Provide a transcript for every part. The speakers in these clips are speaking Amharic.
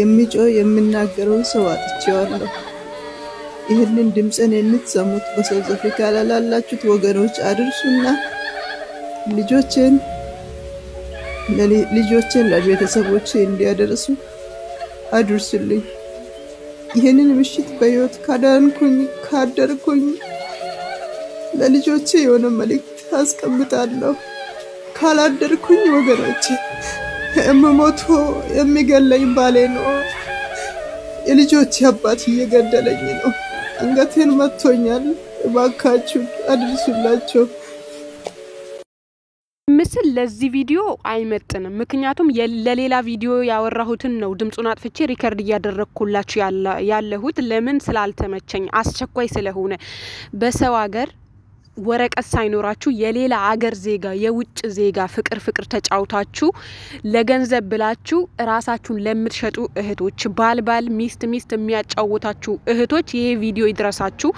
የሚጮ የሚናገረውን ሰው አጥቼዋለሁ። ይህንን ድምፅን የምትሰሙት በሳውዝ አፍሪካ ላላችሁት ወገኖች አድርሱና ልጆችን ልጆችን ለቤተሰቦች እንዲያደርሱ አድርሱልኝ። ይህንን ምሽት በህይወት ካዳንኩኝ ካደርኩኝ ለልጆቼ የሆነ መልእክት አስቀምጣለሁ። ካላደርኩኝ ወገኖቼ እምሞቱ የሚገለኝ ባሌ ነው። የልጆች አባት እየገደለኝ ነው። አንገቴን መጥቶኛል። እባካችሁ አድርሱላቸው። ምስል ለዚህ ቪዲዮ አይመጥንም። ምክንያቱም ለሌላ ቪዲዮ ያወራሁትን ነው ድምፁን አጥፍቼ ሪከርድ እያደረግኩላችሁ ያለሁት። ለምን ስላልተመቸኝ፣ አስቸኳይ ስለሆነ በሰው ሀገር ወረቀት ሳይኖራችሁ የሌላ አገር ዜጋ የውጭ ዜጋ ፍቅር ፍቅር ተጫውታችሁ ለገንዘብ ብላችሁ ራሳችሁን ለምትሸጡ እህቶች ባል ባል ሚስት ሚስት የሚያጫውታችሁ እህቶች ይሄ ቪዲዮ ይድረሳችሁ።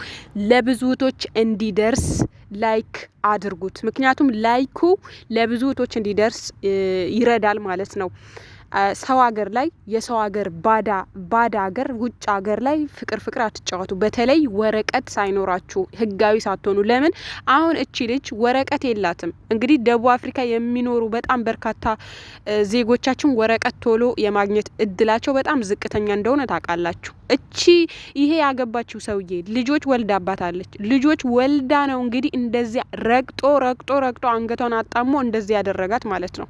ለብዙ እህቶች እንዲደርስ ላይክ አድርጉት። ምክንያቱም ላይኩ ለብዙ እህቶች እንዲደርስ ይረዳል ማለት ነው። ሰው ሀገር ላይ የሰው ሀገር ባዳ ባዳ ሀገር ውጭ ሀገር ላይ ፍቅር ፍቅር አትጫወቱ። በተለይ ወረቀት ሳይኖራችሁ ህጋዊ ሳትሆኑ። ለምን አሁን እቺ ልጅ ወረቀት የላትም። እንግዲህ ደቡብ አፍሪካ የሚኖሩ በጣም በርካታ ዜጎቻችን ወረቀት ቶሎ የማግኘት እድላቸው በጣም ዝቅተኛ እንደሆነ ታውቃላችሁ። እቺ ይሄ ያገባችው ሰውዬ ልጆች ወልዳ አባታለች። ልጆች ወልዳ ነው እንግዲህ እንደዚያ ረግጦ ረግጦ ረግጦ አንገቷን አጣሞ እንደዚህ ያደረጋት ማለት ነው።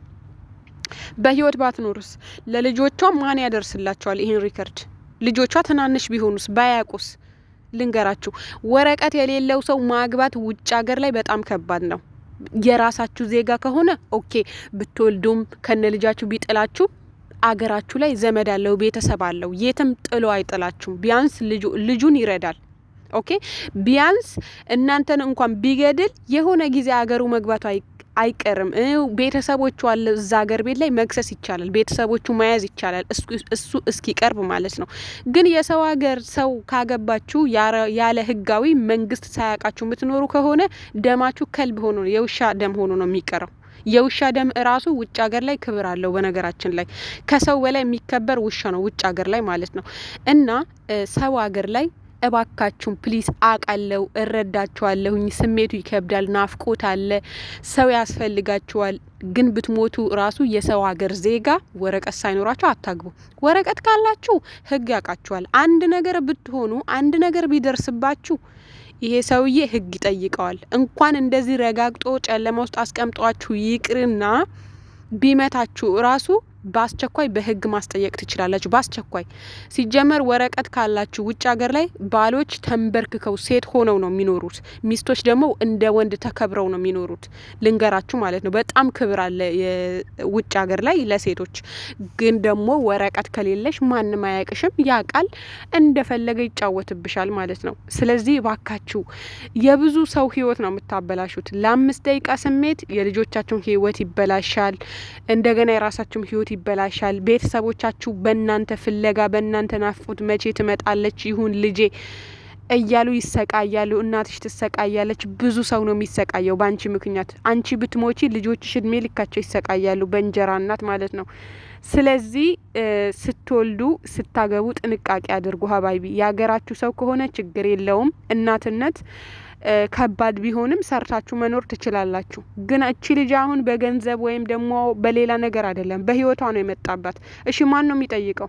በህይወት ባትኖርስ ለልጆቿ ማን ያደርስላቸዋል? ይህን ሪከርድ ልጆቿ ትናንሽ ቢሆኑስ ባያቁስ? ልንገራችሁ፣ ወረቀት የሌለው ሰው ማግባት ውጭ ሀገር ላይ በጣም ከባድ ነው። የራሳችሁ ዜጋ ከሆነ ኦኬ፣ ብትወልዱም ከነ ልጃችሁ ቢጥላችሁ አገራችሁ ላይ ዘመድ አለው ቤተሰብ አለው፣ የትም ጥሎ አይጥላችሁም። ቢያንስ ልጁን ይረዳል። ኦኬ፣ ቢያንስ እናንተን እንኳን ቢገድል የሆነ ጊዜ አገሩ መግባቱ አይቀርም። ቤተሰቦቹ አለ እዛ ሀገር ቤት ላይ መክሰስ ይቻላል፣ ቤተሰቦቹ መያዝ ይቻላል፣ እሱ እስኪቀርብ ማለት ነው። ግን የሰው ሀገር ሰው ካገባችሁ ያለ ህጋዊ መንግስት ሳያውቃችሁ የምትኖሩ ከሆነ ደማችሁ ከልብ ሆኖ ነው የውሻ ደም ሆኖ ነው የሚቀረው። የውሻ ደም እራሱ ውጭ ሀገር ላይ ክብር አለው። በነገራችን ላይ ከሰው በላይ የሚከበር ውሻ ነው ውጭ ሀገር ላይ ማለት ነው እና ሰው ሀገር ላይ እባካችሁን ፕሊስ፣ አቃለው እረዳችኋለሁኝ። ስሜቱ ይከብዳል፣ ናፍቆት አለ፣ ሰው ያስፈልጋችኋል። ግን ብትሞቱ ራሱ የሰው ሀገር ዜጋ ወረቀት ሳይኖራችሁ አታግቡ። ወረቀት ካላችሁ ህግ ያውቃችኋል። አንድ ነገር ብትሆኑ፣ አንድ ነገር ቢደርስባችሁ ይሄ ሰውዬ ህግ ይጠይቀዋል። እንኳን እንደዚህ ረጋግጦ ጨለማ ውስጥ አስቀምጧችሁ ይቅርና ቢመታችሁ ራሱ በአስቸኳይ በህግ ማስጠየቅ ትችላላችሁ። በአስቸኳይ ሲጀመር ወረቀት ካላችሁ ውጭ ሀገር ላይ ባሎች ተንበርክከው ሴት ሆነው ነው የሚኖሩት። ሚስቶች ደግሞ እንደ ወንድ ተከብረው ነው የሚኖሩት። ልንገራችሁ ማለት ነው። በጣም ክብር አለ ውጭ ሀገር ላይ ለሴቶች። ግን ደግሞ ወረቀት ከሌለሽ ማንም አያቅሽም። ያ ቃል እንደፈለገ ይጫወትብሻል ማለት ነው። ስለዚህ ባካችሁ የብዙ ሰው ህይወት ነው የምታበላሹት። ለአምስት ደቂቃ ስሜት የልጆቻችሁን ህይወት ይበላሻል። እንደገና የራሳችሁም ህይወት ህይወት ይበላሻል። ቤተሰቦቻችሁ በእናንተ ፍለጋ በእናንተ ናፍቆት መቼ ትመጣለች ይሁን ልጄ እያሉ ይሰቃያሉ። እናትሽ ትሰቃያለች። ብዙ ሰው ነው የሚሰቃየው በአንቺ ምክንያት። አንቺ ብትሞቺ ልጆችሽ እድሜ ልካቸው ይሰቃያሉ፣ በእንጀራ እናት ማለት ነው። ስለዚህ ስትወልዱ ስታገቡ ጥንቃቄ አድርጉ። ሀባይቢ የሀገራችሁ ሰው ከሆነ ችግር የለውም። እናትነት ከባድ ቢሆንም ሰርታችሁ መኖር ትችላላችሁ። ግን እቺ ልጅ አሁን በገንዘብ ወይም ደግሞ በሌላ ነገር አይደለም፣ በህይወቷ ነው የመጣባት። እሺ ማን ነው የሚጠይቀው?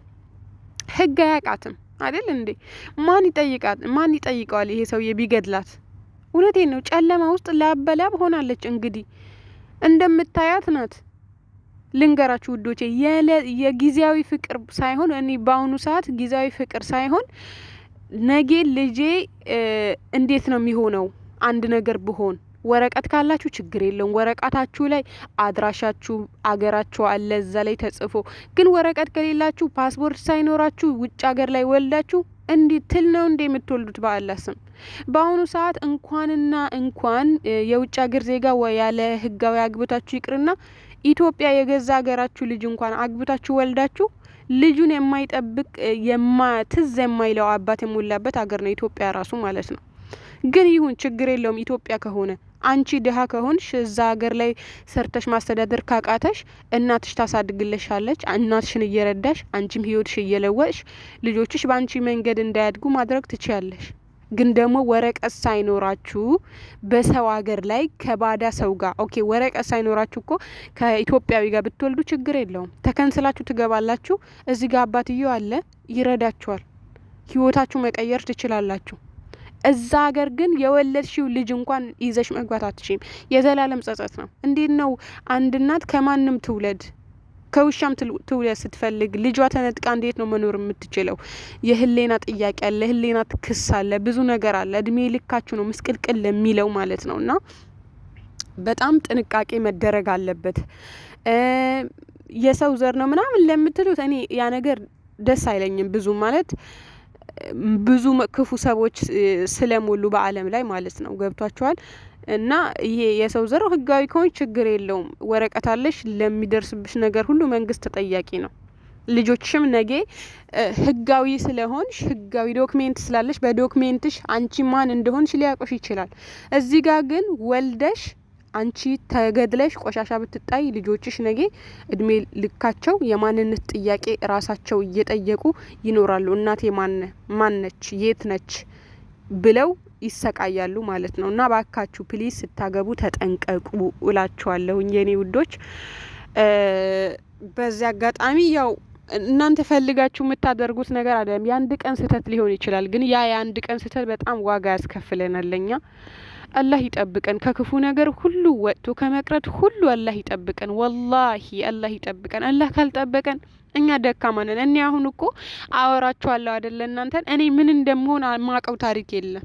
ህግ አያውቃትም አይደል እንዴ? ማን ይጠይቃት? ማን ይጠይቀዋል? ይሄ ሰውዬ ቢገድላት። እውነቴን ነው። ጨለማ ውስጥ ላበላብ ሆናለች። እንግዲህ እንደምታያት ናት። ልንገራችሁ ውዶቼ፣ የጊዜያዊ ፍቅር ሳይሆን እኔ በአሁኑ ሰዓት ጊዜያዊ ፍቅር ሳይሆን ነጌ ልጄ እንዴት ነው የሚሆነው አንድ ነገር ብሆን ወረቀት ካላችሁ ችግር የለውም። ወረቀታችሁ ላይ አድራሻችሁ አገራችሁ አለ እዛ ላይ ተጽፎ። ግን ወረቀት ከሌላችሁ ፓስፖርት ሳይኖራችሁ ውጭ ሀገር ላይ ወልዳችሁ እንዲህ ትል ነው እንዴ የምትወልዱት? በአላህ ስም በአሁኑ ሰዓት እንኳንና እንኳን የውጭ ሀገር ዜጋ ያለ ህጋዊ አግብታችሁ ይቅርና ኢትዮጵያ የገዛ ሀገራችሁ ልጅ እንኳን አግብታችሁ ወልዳችሁ ልጁን የማይጠብቅ ትዝ የማይለው አባት የሞላበት ሀገር ነው ኢትዮጵያ ራሱ ማለት ነው። ግን ይሁን ችግር የለውም ኢትዮጵያ ከሆነ አንቺ ድሀ ከሆንሽ እዛ ሀገር ላይ ሰርተሽ ማስተዳደር ካቃተሽ እናትሽ ታሳድግልሻለች። እናትሽን እየረዳሽ አንቺም ህይወትሽ እየለወጥሽ ልጆችሽ በአንቺ መንገድ እንዳያድጉ ማድረግ ትችያለሽ። ግን ደግሞ ወረቀት ሳይኖራችሁ በሰው ሀገር ላይ ከባዳ ሰው ጋር ኦኬ፣ ወረቀት ሳይኖራችሁ እኮ ከኢትዮጵያዊ ጋር ብትወልዱ ችግር የለውም። ተከንስላችሁ ትገባላችሁ። እዚህ ጋር አባትየው አለ፣ ይረዳችኋል። ህይወታችሁ መቀየር ትችላላችሁ። እዛ ሀገር ግን የወለድሽው ልጅ እንኳን ይዘሽ መግባት አትችም። የዘላለም ጸጸት ነው። እንዴት ነው አንድ እናት ከማንም ትውለድ ከውሻም ትውለ ስትፈልግ ልጇ ተነጥቃ እንዴት ነው መኖር የምትችለው? የህሌና ጥያቄ አለ፣ ህሌና ክስ አለ፣ ብዙ ነገር አለ። እድሜ ልካችሁ ነው ምስቅልቅል የሚለው ማለት ነው። እና በጣም ጥንቃቄ መደረግ አለበት። የሰው ዘር ነው ምናምን ለምትሉት እኔ ያ ነገር ደስ አይለኝም ብዙ ማለት ብዙ ክፉ ሰዎች ስለሞሉ በዓለም ላይ ማለት ነው። ገብቷችኋል። እና ይሄ የሰው ዘር ህጋዊ ከሆን ችግር የለውም። ወረቀት አለሽ፣ ለሚደርስብሽ ነገር ሁሉ መንግስት ተጠያቂ ነው። ልጆችሽም ነገ ህጋዊ ስለሆንሽ ህጋዊ ዶክሜንት ስላለሽ በዶክሜንትሽ አንቺ ማን እንደሆንሽ ሊያቆሽ ይችላል። እዚህ ጋር ግን ወልደሽ አንቺ ተገድለሽ ቆሻሻ ብትጣይ ልጆችሽ ነገ እድሜ ልካቸው የማንነት ጥያቄ ራሳቸው እየጠየቁ ይኖራሉ። እናቴ ማን ማነች፣ የት ነች ብለው ይሰቃያሉ ማለት ነው። እና ባካችሁ ፕሊዝ ስታገቡ ተጠንቀቁ እላችኋለሁኝ የኔ ውዶች። በዚህ አጋጣሚ ያው እናንተ ፈልጋችሁ የምታደርጉት ነገር አይደለም። የአንድ ቀን ስህተት ሊሆን ይችላል፣ ግን ያ የአንድ ቀን ስህተት በጣም ዋጋ ያስከፍለናል ለኛ። አላህ ይጠብቀን ከክፉ ነገር ሁሉ ወጥቶ ከመቅረት ሁሉ አላህ ይጠብቀን። ወላሂ አላህ ይጠብቀን። አላህ ካልጠበቀን እኛ ደካማ ነን። እኔ አሁን እኮ አወራችኋለሁ አይደለ እናንተን። እኔ ምን እንደምሆን ማቀው ታሪክ የለም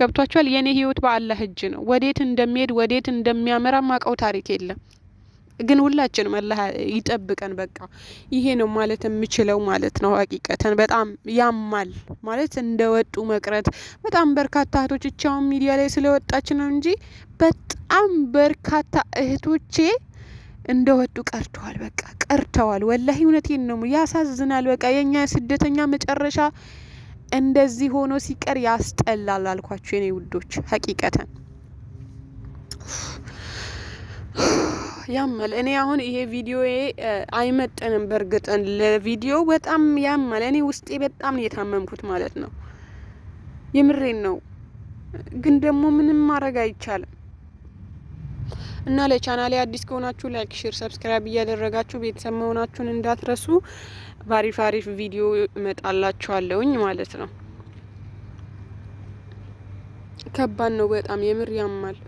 ገብቷቸዋል። የእኔ ህይወት በአላህ እጅ ነው። ወዴት እንደሚሄድ ወዴት እንደሚያመራ ማቀው ታሪክ የለም። ግን ሁላችንም አላህ ይጠብቀን። በቃ ይሄ ነው ማለት የምችለው ማለት ነው። ሀቂቀተን በጣም ያማል ማለት እንደ ወጡ መቅረት በጣም በርካታ እህቶች እቻውን ሚዲያ ላይ ስለወጣች ነው እንጂ በጣም በርካታ እህቶቼ እንደ ወጡ ቀርተዋል። በቃ ቀርተዋል። ወላሂ እውነቴን ነው። ያሳዝናል። በቃ የእኛ ስደተኛ መጨረሻ እንደዚህ ሆኖ ሲቀር ያስጠላል አልኳችሁ የኔ ውዶች። ሀቂቀተን ያመል። እኔ አሁን ይሄ ቪዲዮ አይመጥንም። በእርግጥን ለቪዲዮ በጣም ያመል። እኔ ውስጤ በጣም የታመምኩት ማለት ነው። የምሬን ነው። ግን ደግሞ ምንም ማድረግ አይቻልም። እና ለቻናሌ አዲስ ከሆናችሁ ላይክ፣ ሼር፣ ሰብስክራይብ እያደረጋችሁ ቤተሰብ መሆናችሁን እንዳትረሱ። ባሪፍ አሪፍ ቪዲዮ እመጣላችኋለሁኝ ማለት ነው። ከባድ ነው በጣም የምር ያማል።